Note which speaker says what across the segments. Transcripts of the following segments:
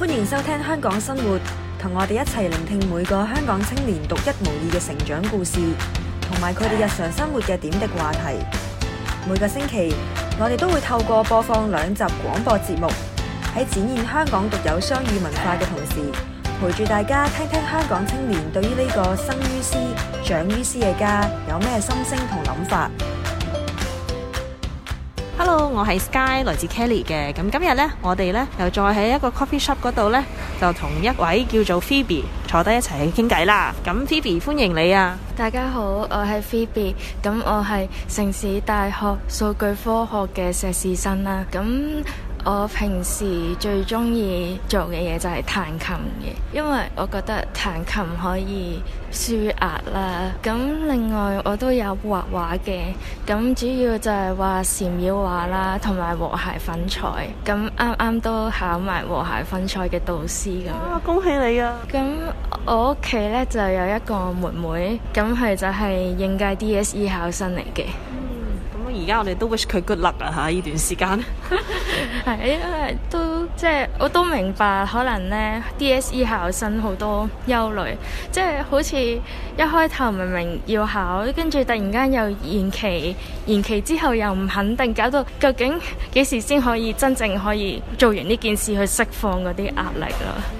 Speaker 1: 歡迎收聽《香港生活》，同我哋一齊聆聽每個香港青年獨一無二嘅成長故事，同埋佢哋日常生活嘅點滴話題。每個星期，我哋都會透過播放兩集廣播節目，喺展現香港獨有雙語文化嘅同時，陪住大家聽聽香港青年對於呢個生於斯、長於斯嘅家有咩心聲同諗法。
Speaker 2: Hello，我係 Sky，來自 Kelly 嘅。咁今日呢，我哋呢又再喺一個 coffee shop 嗰度呢，就同一位叫做 Phoebe 坐低一齊去傾偈啦。咁 Phoebe，歡迎你啊！
Speaker 3: 大家好，我係 Phoebe，咁我係城市大學數據科學嘅碩士生啦。咁我平時最中意做嘅嘢就係彈琴嘅，因為我覺得彈琴可以舒壓啦。咁另外我都有畫畫嘅，咁主要就係畫禪繞畫啦，同埋和諧粉彩。咁啱啱都考埋和諧粉彩嘅導師咁。哇、啊！恭喜你啊！咁我屋企呢，就有一個妹妹，咁佢就係應屆 DSE 考生嚟嘅。
Speaker 2: 而家我哋都 wish 佢 good luck 啊！哈，呢段時間
Speaker 3: 係因為 都即係我都明白，可能咧 DSE 考生好多憂慮，即係好似一開頭明明要考，跟住突然間又延期，延期之後又唔肯定，搞到究竟幾時先可以真正可以做完呢件事去釋放嗰啲壓力啦～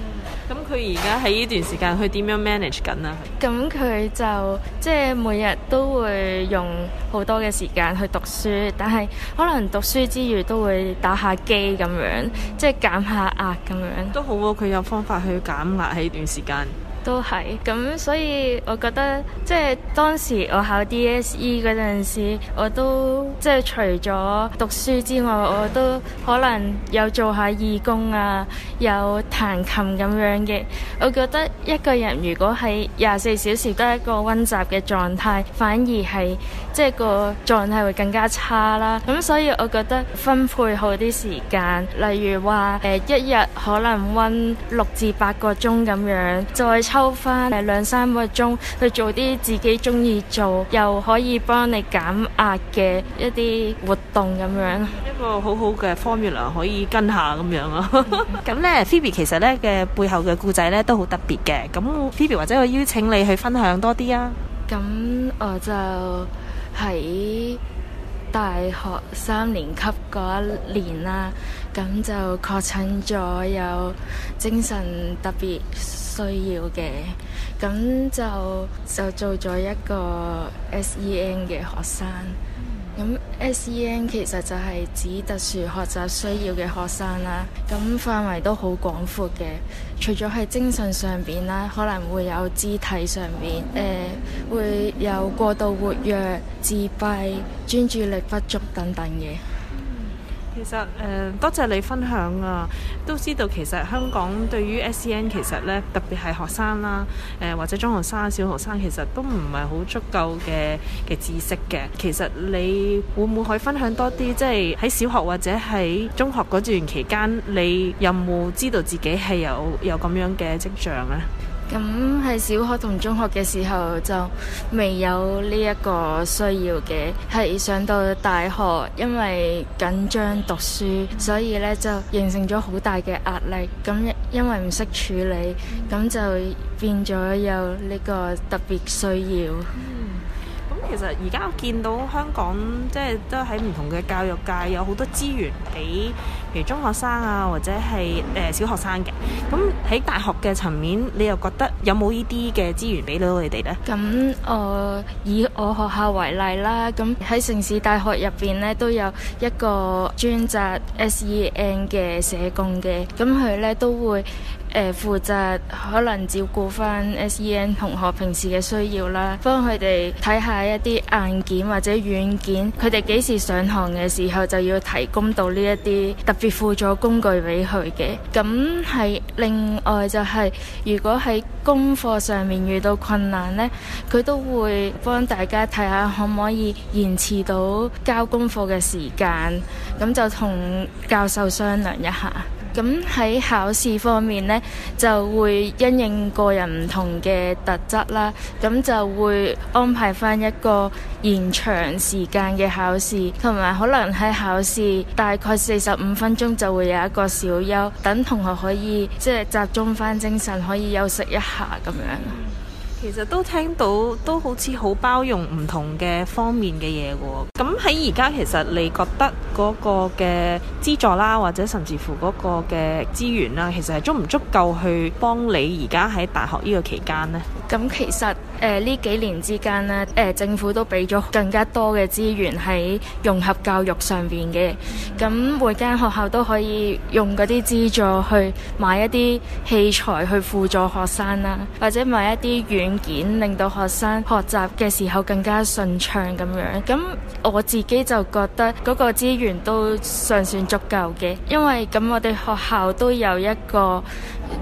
Speaker 2: 咁佢而家喺呢段時間，佢點樣 manage 緊啊？
Speaker 3: 咁佢就即係每日都會用好多嘅時間去讀書，但係可能讀書之餘都會打下機咁樣，即係減下壓咁樣。都好喎，佢有方法去減壓喺呢段時間。都係，咁所以我覺得，即係當時我考 DSE 嗰陣時，我都即係除咗讀書之外，我都可能有做下義工啊，有彈琴咁樣嘅。我覺得一個人如果喺廿四小時都係一個温習嘅狀態，反而係。即係個狀態會更加差啦，咁所以我覺得分配好啲時間，例如話誒、呃、一日可能温六至八個鐘咁樣，再抽翻誒兩三個鐘去做啲自己中意做又可以幫你減壓嘅一啲活動咁樣、嗯，
Speaker 2: 一個好好嘅 formula 可以跟下咁樣咯、啊。咁 呢 Phoebe 其實呢嘅背後嘅故仔呢都好特別嘅，咁
Speaker 3: Phoebe 或者我邀請你去分享多啲啊。咁我就～喺大學三年級嗰一年啦，咁就確診咗有精神特別需要嘅，咁就就做咗一個 SEN 嘅學生。咁 SEN 其實就係指特殊學習需要嘅學生啦，咁範圍都好廣闊嘅，除咗係精神上面啦，可能會有肢體上面，誒、呃、會有過度活躍、自閉、專注力不足等等嘢。其實誒、呃，多謝你分
Speaker 2: 享啊！都知道其實香港對於 SCN 其實咧，特別係學生啦、啊，誒、呃、或者中學生、小學生，其實都唔係好足夠嘅嘅知識嘅。其實你會唔會可以分享多啲，即係喺小學或者喺中學嗰段期間，你有冇知道自己係有有咁樣嘅跡象呢、啊？
Speaker 3: 咁喺小學同中學嘅時候就未有呢一個需要嘅，係上到大學，因為緊張讀書，所以咧就形成咗好大嘅壓力。咁因為唔識處理，咁、嗯、就變咗有呢個特別需要。嗯
Speaker 2: 其實而家我見到香港即係都喺唔同嘅教育界有好多資源俾，譬如中學生啊，或者係誒、呃、小學生嘅。咁喺大學嘅層面，你又覺得有冇呢
Speaker 3: 啲嘅資源俾到你哋呢？咁我以我學校為例啦，咁喺城市大學入邊呢，都有一個專責 SEN 嘅社工嘅，咁佢呢都會。誒、呃、負責可能照顧返 SEN 同學平時嘅需要啦，幫佢哋睇下一啲硬件或者軟件，佢哋幾時上堂嘅時候就要提供到呢一啲特別輔助工具俾佢嘅。咁係另外就係、是，如果喺功課上面遇到困難呢，佢都會幫大家睇下可唔可以延遲到交功課嘅時間，咁就同教授商量一下。咁喺考試方面呢，就會因應個人唔同嘅特質啦，咁就會安排翻一個延長時間嘅考試，同埋可能喺考試大概四十五分鐘就會有一個小休，等同學可以即係、就是、集中翻精神，可以休息一下咁樣。
Speaker 2: 其實都聽到，都好似好包容唔同嘅方面嘅嘢喎。咁喺而家，其實你覺得嗰個嘅資助啦，或者甚至乎嗰個嘅資源啦，其實係足唔足夠去幫你而家喺大學呢個期間
Speaker 3: 呢？咁其實。誒呢、呃、幾年之間咧，誒、呃、政府都俾咗更加多嘅資源喺融合教育上邊嘅，咁每間學校都可以用嗰啲資助去買一啲器材去輔助學生啦，或者買一啲軟件令到學生學習嘅時候更加順暢咁樣。咁我自己就覺得嗰個資源都尚算足夠嘅，因為咁我哋學校都有一個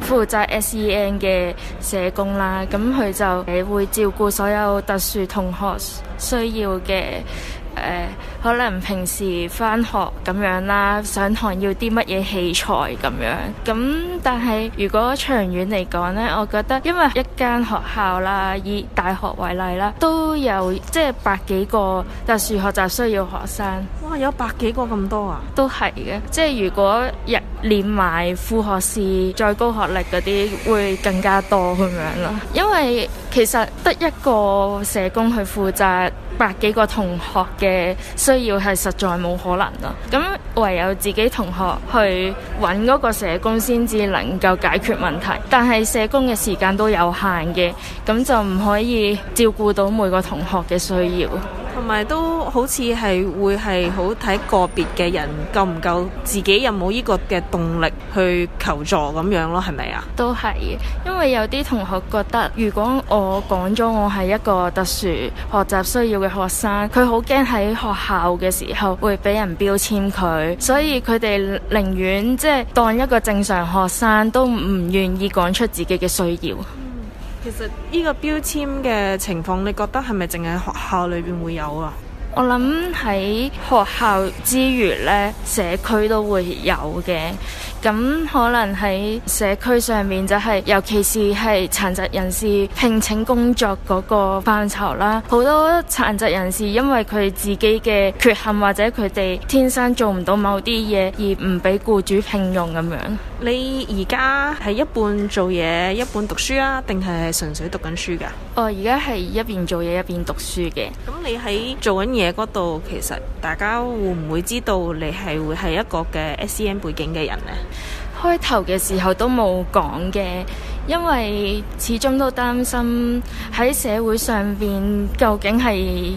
Speaker 3: 負責 SEN 嘅社工啦，咁佢就會照顧所有特殊同學需要嘅。誒、呃、可能平時返學咁樣啦，上堂要啲乜嘢器材咁樣咁。但係如果長遠嚟講呢，我覺得因為一間學校啦，以大學為例啦，都有即係百幾個特殊學，學習需要學生。哇，有百幾個咁多啊？都係嘅，即係如果日連埋副學士再高學歷嗰啲，會更加多咁樣啦。因為其實得一個社工去負責。百幾個同學嘅需要係實在冇可能啦。咁唯有自己同學去揾嗰個社工，先至能夠解決問題。但係社工嘅時間都有限嘅，咁就唔可以照顧到每個同學嘅需要。同埋都
Speaker 2: 好似係會係好睇個別嘅人夠唔夠自己有冇呢個嘅動力去求助咁樣咯，係咪啊？
Speaker 3: 都係，因為有啲同學覺得，如果我講咗我係一個特殊學習需要嘅學生，佢好驚喺學校嘅時候會俾人標籤佢，所以佢哋寧願即係當一個正常學生，都唔願意講出自己嘅需要。
Speaker 2: 其實呢個標籤嘅情況，你覺得係咪淨係學校裏邊會有啊？
Speaker 3: 我諗喺學校之餘呢，社區都會有嘅。咁可能喺社區上面就係、是，尤其是係殘疾人士聘請工作嗰個範疇啦。好多殘疾人士因為佢自己嘅缺陷或者佢哋天生做唔到某啲嘢，而唔俾僱主聘用咁樣。
Speaker 2: 你而家係一半做嘢，一半讀書啊？定係純粹讀緊書㗎？我而家係一邊做嘢一邊讀書嘅。咁你喺做緊嘢嗰度，
Speaker 3: 其實大家會唔會知道你係會係一個嘅 S C M 背景嘅人呢？開頭嘅時候都冇講嘅，因為始終都擔心喺社會上邊究竟係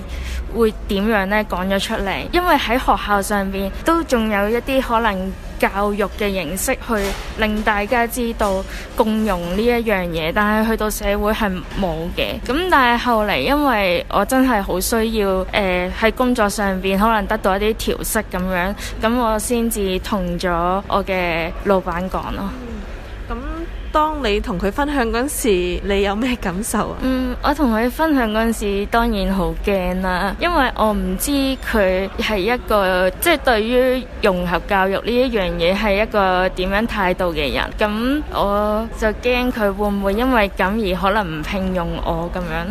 Speaker 3: 會點樣呢，講咗出嚟，因為喺學校上邊都仲有一啲可能。教育嘅形式去令大家知道共融呢一樣嘢，但係去到社會係冇嘅。咁但係後嚟，因為我真係好需要誒喺、呃、工作上邊可能得到一啲調適咁樣，咁我先至同咗我嘅老闆講咯。當你同佢分享嗰陣時，你有咩感受啊？嗯，我同佢分享嗰陣時，當然好驚啦，因為我唔知佢係一個即係對於融合教育呢一樣嘢係一個點樣態度嘅人，咁我就驚佢會唔會因為咁而可能唔聘用我咁樣。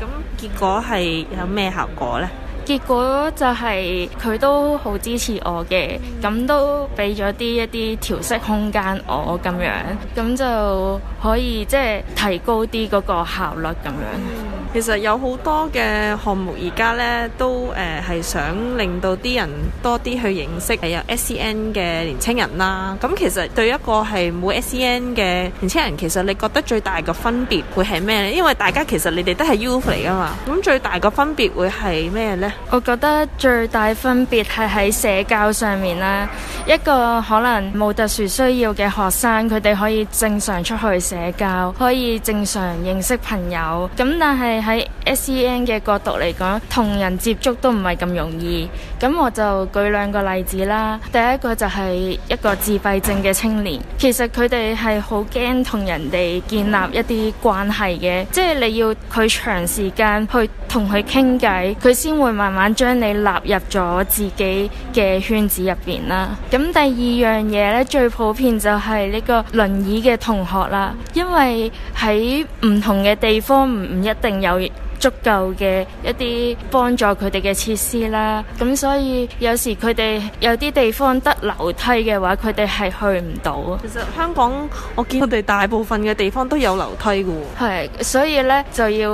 Speaker 2: 咁、嗯、結果係有咩效果呢？
Speaker 3: 結果就係佢都好支持我嘅，咁、嗯、都俾咗啲一啲調適空間我咁樣，咁就可以即係、就是、提高啲嗰個效率咁樣。嗯。其實有好多嘅項目而家咧都誒
Speaker 2: 係想令到啲人多啲去認識誒有 S C N 嘅年青人啦。咁其實對一個係冇 S C N 嘅年青人，其實你覺得最大嘅分別會係咩咧？因為大家其實你哋都係 Youth 嚟噶嘛。咁最大嘅分別會係咩呢？
Speaker 3: 我覺得最大分別係喺社交上面啦。一個可能冇特殊需要嘅學生，佢哋可以正常出去社交，可以正常認識朋友。咁但係喺 SEN 嘅角度嚟講，同人接觸都唔係咁容易。咁我就舉兩個例子啦。第一個就係一個自閉症嘅青年，其實佢哋係好驚同人哋建立一啲關係嘅，即係你要佢長時間去同佢傾偈，佢先會慢慢將你納入咗自己嘅圈子入邊啦。咁第二樣嘢呢，最普遍就係呢個輪椅嘅同學啦，因為喺唔同嘅地方，唔唔一定有足夠嘅一啲幫助佢哋嘅設施啦，咁所以有時佢哋有啲地方得樓梯嘅話，佢哋係去唔到。其實香港，我見佢哋大部分嘅地方都有樓梯嘅。係，所以咧就要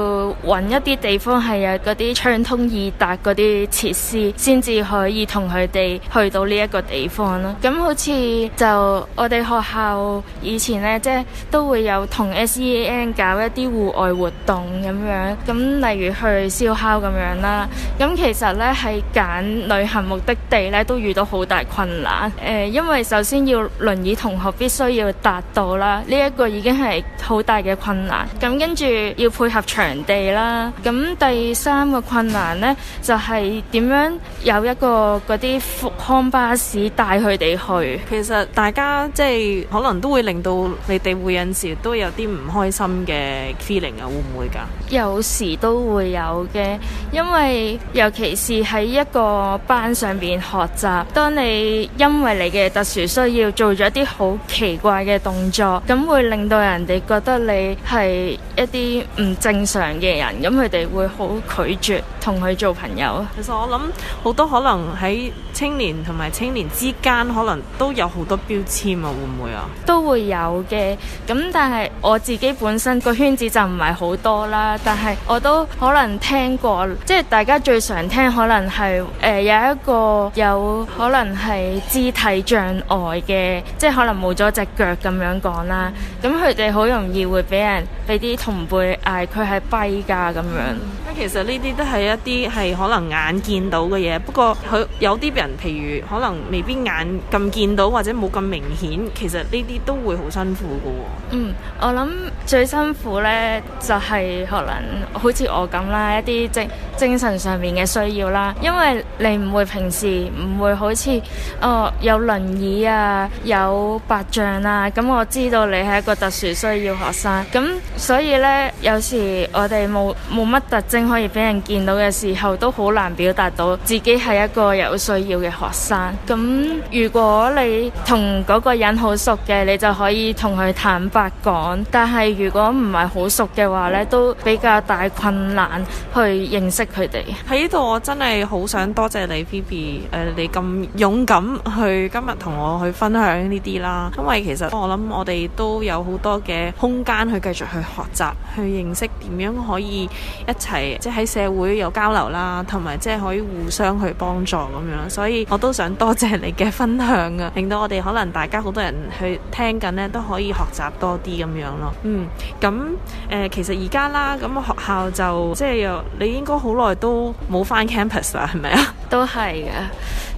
Speaker 3: 揾一啲地方係有啲暢通易達啲設施，先至可以同佢哋去到呢一個地方啦。咁好似就我哋學校以前咧，即係都會有同 S E N 搞一啲戶外活動咁樣咁。例如去燒烤咁樣啦，咁其實咧係揀旅行目的地咧，都遇到好大困難。誒，因為首先要輪椅同學必須要達到啦，呢一個已經係好大嘅困難。咁跟住要配合場地啦，咁第三個困難呢，就係點樣有一個嗰啲復康巴士帶佢哋去。其實大家
Speaker 2: 即係可能都會令到你哋會有陣時都有啲唔開心嘅 feeling 啊，會唔會㗎？
Speaker 3: 有時都會有嘅，因為尤其是喺一個班上邊學習，當你因為你嘅特殊需要做咗一啲好奇怪嘅動作，咁會令到人哋覺得你係一啲唔正常嘅人，咁佢哋會好拒絕同佢做朋友。
Speaker 2: 其實我諗好多可能喺。青年同埋青年之間可能都有好多標籤啊，會唔會啊？
Speaker 3: 都會有嘅，咁但係我自己本身個圈子就唔係好多啦。但係我都可能聽過，即係大家最常聽可能係誒、呃、有一個有可能係肢體障礙嘅，即係可能冇咗隻腳咁樣講啦。咁佢哋好容易會俾人俾啲同輩嗌佢係跛㗎咁樣。
Speaker 2: 其實呢啲都係一啲係可能眼見到嘅嘢，不過佢有啲人，譬如可能未必眼咁見到或者冇咁明顯，其實呢啲都會好辛苦噶
Speaker 3: 哦。嗯，我諗最辛苦呢就係可能好似我咁啦，一啲即，就是精神上面嘅需要啦，因為你唔會平時唔會好似哦有輪椅啊，有白杖啊，咁、嗯、我知道你係一個特殊需要學生，咁、嗯、所以咧有時我哋冇冇乜特徵可以俾人見到嘅時候，都好難表達到自己係一個有需要嘅學生。咁、嗯、如果你同個人好熟嘅，你就可以同佢坦白講，但係如果唔係好熟嘅話咧，都比較大困難去認識。佢哋喺呢度，我真係好想
Speaker 2: 多謝你，B B，誒、呃，你咁勇敢去今日同我去分享呢啲啦。因為其實我諗我哋都有好多嘅空間去繼續去學習，去認識點樣可以一齊即係喺社會有交流啦，同埋即係可以互相去幫助咁樣。所以我都想多謝你嘅分享啊，令到我哋可能大家好多人去聽緊咧都可以學習多啲咁樣咯。嗯，咁誒、呃，其實而家啦，咁學校就即係又你應該好。好耐都冇翻 campus 啦，係咪啊？
Speaker 3: 都係嘅。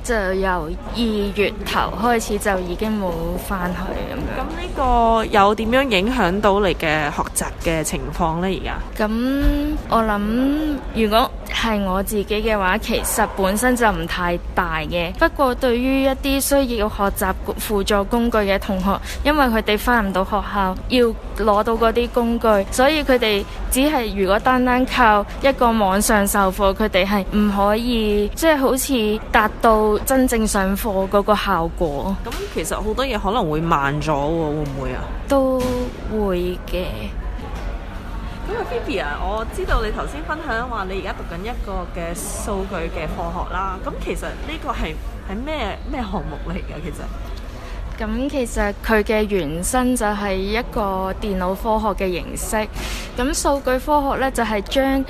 Speaker 3: 就由二月頭開始就已經冇翻去咁樣。
Speaker 2: 咁呢個有點樣影響到你嘅學習嘅情況呢？而
Speaker 3: 家咁我諗，如果係我自己嘅話，其實本身就唔太大嘅。不過對於一啲需要學習輔助工具嘅同學，因為佢哋翻唔到學校，要攞到嗰啲工具，所以佢哋只係如果單單靠一個網上授課，佢哋係唔可以，即係好似達到。真正上課嗰個效果，咁
Speaker 2: 其實好多嘢可能會慢咗喎，會唔會啊？
Speaker 3: 都會嘅。
Speaker 2: 咁啊，Phoebe 啊，我知道你頭先分享話你而家讀緊一個嘅數據嘅科學啦。咁其實呢個係係咩咩項目嚟㗎？其實。
Speaker 3: 咁其實佢嘅原生就係一個電腦科學嘅形式，咁數據科學咧就係將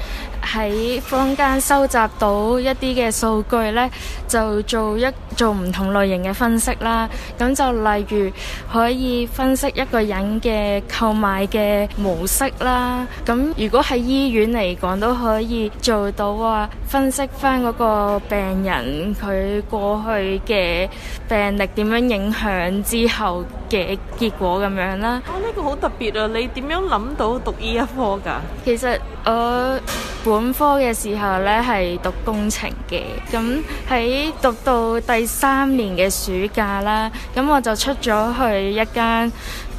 Speaker 3: 喺坊間收集到一啲嘅數據咧，就做一做唔同類型嘅分析啦。咁就例如可以分析一個人嘅購買嘅模式啦。咁如果喺醫院嚟講都可以做到啊，分析翻嗰個病人佢過去嘅病歷點樣影響。之後嘅結果咁樣啦。啊、哦，呢、這個好特別啊！你點樣諗到讀醫一科㗎？其實我本科嘅時候呢係讀工程嘅，咁喺讀到第三年嘅暑假啦，咁我就出咗去一間誒、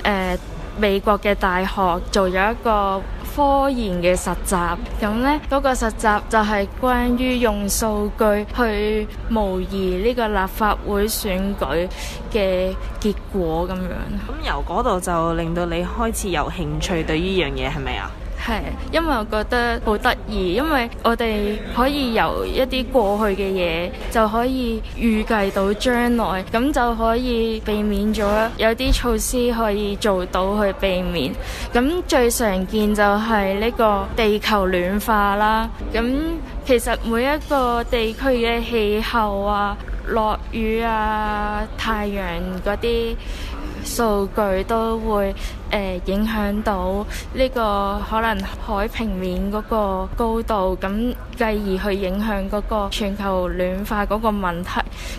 Speaker 3: 呃、美國嘅大學做咗一個科研嘅實習，咁呢嗰個實習就係關於用數據去模擬呢個立法會選舉嘅結果咁樣，咁
Speaker 2: 由嗰度就令到你開始有興趣對呢樣嘢係咪啊？是
Speaker 3: 係，因為我覺得好得意，因為我哋可以由一啲過去嘅嘢就可以預計到將來，咁就可以避免咗有啲措施可以做到去避免。咁最常見就係呢個地球暖化啦。咁其實每一個地區嘅氣候啊、落雨啊、太陽嗰啲。數據都會誒、呃、影響到呢、這個可能海平面嗰個高度，咁繼而去影響嗰個全球暖化嗰個問題。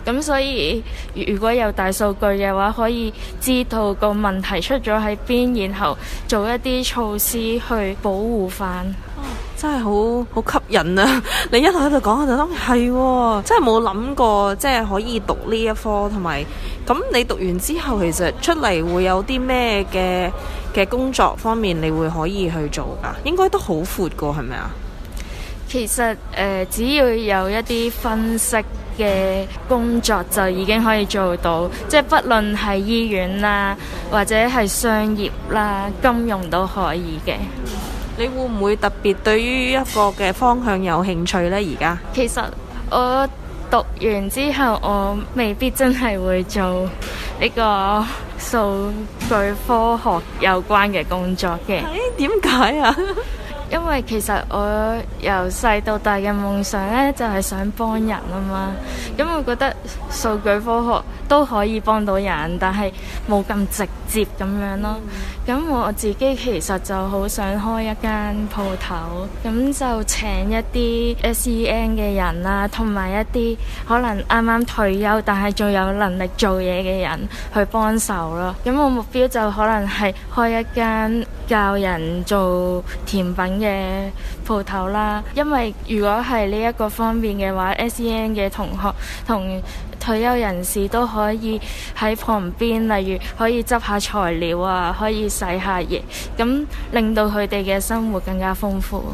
Speaker 3: 咁所以如果有大數據嘅話，可以知道個問題出咗喺邊，然後做一啲措施去保護翻。
Speaker 2: 真係好好吸引啊！ 你一路喺度講，我就諗係喎，真係冇諗過即係可以讀呢一科，同埋咁你讀完之後，其實出嚟會有啲咩嘅嘅工作方面，你會可以去做㗎？應該都好闊㗎，係咪啊？
Speaker 3: 其實誒、呃，只要有一啲分析嘅工作，就已經可以做到，即係不論係醫院啦，或者係商業啦、金融都可以嘅。
Speaker 2: 你會唔會特別對於一個嘅方向有興趣呢？而家
Speaker 3: 其實我讀完之後，我未必真係會做呢個數據科學有關嘅工作嘅。誒、欸？點解啊？ 因為其實我由細到大嘅夢想咧，就係想幫人啊嘛。咁我覺得數據科學都可以幫到人，但係冇咁直接咁樣咯。咁我自己其實就好想開一間鋪頭，咁就請一啲 S.E.N 嘅人啦，同埋一啲可能啱啱退休但係仲有能力做嘢嘅人去幫手咯。咁我目標就可能係開一間教人做甜品。嘅鋪頭啦，因為如果係呢一個方面嘅話，S E N 嘅同學同退休人士都可以喺旁邊，例如可以執下材料啊，可以洗下嘢，咁令到佢哋嘅生活更加豐富。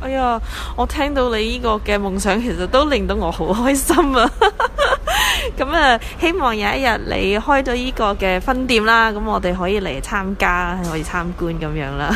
Speaker 2: 哎呀，我聽到你呢個嘅夢想，其實都令到我好開心啊！ 咁啊，希望有一日你開咗依個嘅分店啦，咁我哋可以嚟參加，可以參觀咁樣啦。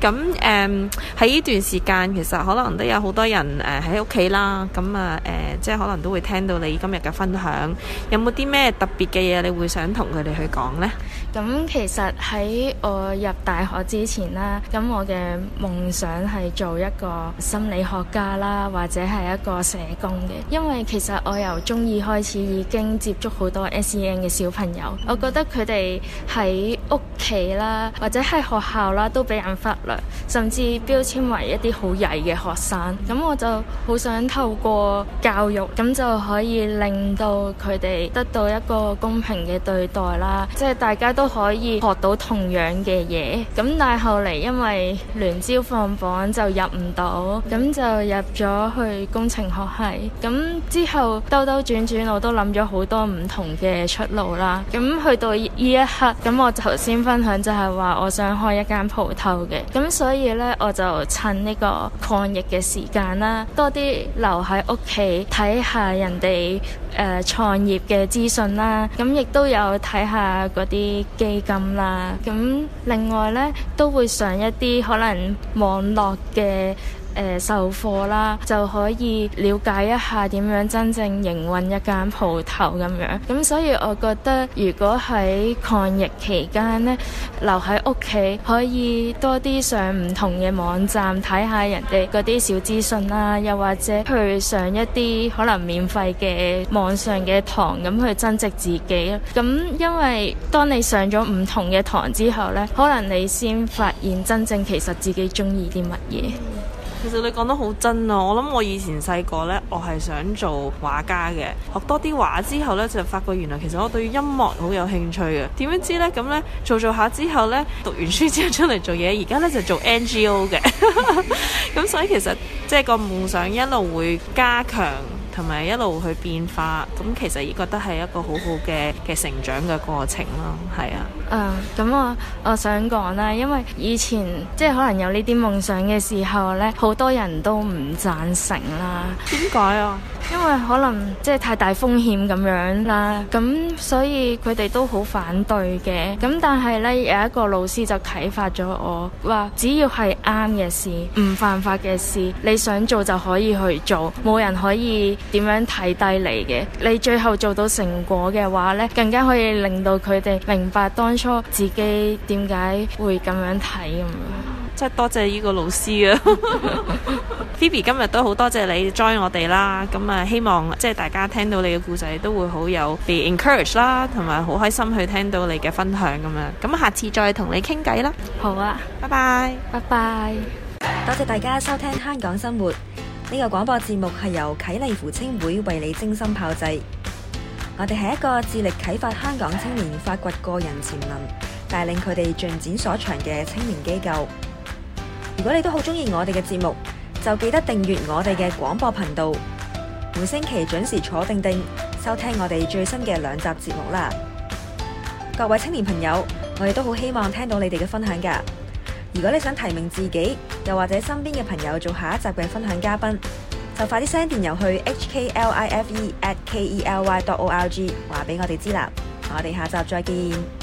Speaker 2: 咁誒喺呢段時間，其實可能都有好多人誒喺屋企啦。咁啊誒，即係可能都會聽到你今日嘅分享，有冇啲咩特別嘅嘢，你會想同佢哋去講
Speaker 3: 呢？咁其實喺我入大學之前啦，咁我嘅夢想係做一個心理學家啦，或者係一個社工嘅。因為其實我由中二開始已經接觸好多 SEN 嘅小朋友，我覺得佢哋喺屋企啦，或者喺學校啦，都俾人忽略。甚至標籤為一啲好曳嘅學生，咁我就好想透過教育，咁就可以令到佢哋得到一個公平嘅對待啦，即係大家都可以學到同樣嘅嘢。咁但係後嚟因為聯招放榜就入唔到，咁就入咗去工程學系。咁之後兜兜轉轉，我都諗咗好多唔同嘅出路啦。咁去到呢一刻，咁我頭先分享就係話我想開一間鋪頭嘅，咁所以。所以咧，我就趁呢個抗疫嘅時間啦，多啲留喺屋企睇下人哋誒創業嘅資訊啦，咁亦都有睇下嗰啲基金啦，咁另外呢，都會上一啲可能網絡嘅。誒售貨啦，就可以了解一下點樣真正營運一間鋪頭咁樣。咁所以，我覺得如果喺抗疫期間呢，留喺屋企可以多啲上唔同嘅網站睇下人哋嗰啲小資訊啦，又或者去上一啲可能免費嘅網上嘅堂，咁去增值自己。咁因為當你上咗唔同嘅堂之後呢，可能你先發現真正其實自己中意啲乜嘢。
Speaker 2: 其實你講得好真啊！我諗我以前細個呢，我係想做畫家嘅，學多啲畫之後呢，就發覺，原來其實我對音樂好有興趣嘅。點樣知呢？咁呢，做做下之後呢，讀完書之後出嚟做嘢，而家呢就做 NGO 嘅。咁 所以其實即係個夢想一路會加強。同埋一路去變化，咁其實亦覺得係一個好好嘅嘅成長嘅過程咯，係
Speaker 3: 啊。誒，咁我我想講啦，因為以前即係可能有呢啲夢想嘅時候呢，好多人都唔贊成啦。點解啊？因為可能即係太大風險咁樣啦，咁所以佢哋都好反對嘅。咁但係呢，有一個老師就啟發咗我，話只要係啱嘅事、唔犯法嘅事，你想做就可以去做，冇人可以。點樣睇低你嘅？你最後做到成果嘅話呢，更加可以令到佢哋明白當初自己點解會咁樣睇咁樣。
Speaker 2: 即係多謝呢個老師啊 ！Phoebe 今日都好多謝你 join 我哋啦。咁、嗯、啊，希望即係大家聽到你嘅故仔都會好有 be encouraged 啦，同埋好開心去聽到你嘅分享咁樣。咁、嗯、
Speaker 1: 下次再同你傾偈啦。好啊，拜拜 bye，拜拜 bye。 多謝大家收聽《香港生活》。呢個廣播節目係由啟勵扶青會為你精心炮製。我哋係一個致力啟發香港青年發掘個人潛能、帶領佢哋進展所長嘅青年機構。如果你都好鍾意我哋嘅節目，就記得訂閱我哋嘅廣播頻道。每星期準時坐定定收聽我哋最新嘅兩集節目啦！各位青年朋友，我哋都好希望聽到你哋嘅分享㗎。如果你想提名自己，又或者身邊嘅朋友做下一集嘅分享嘉賓，就快啲 send 電郵去 hklife@kely.org 話俾我哋知啦！我哋下集再見。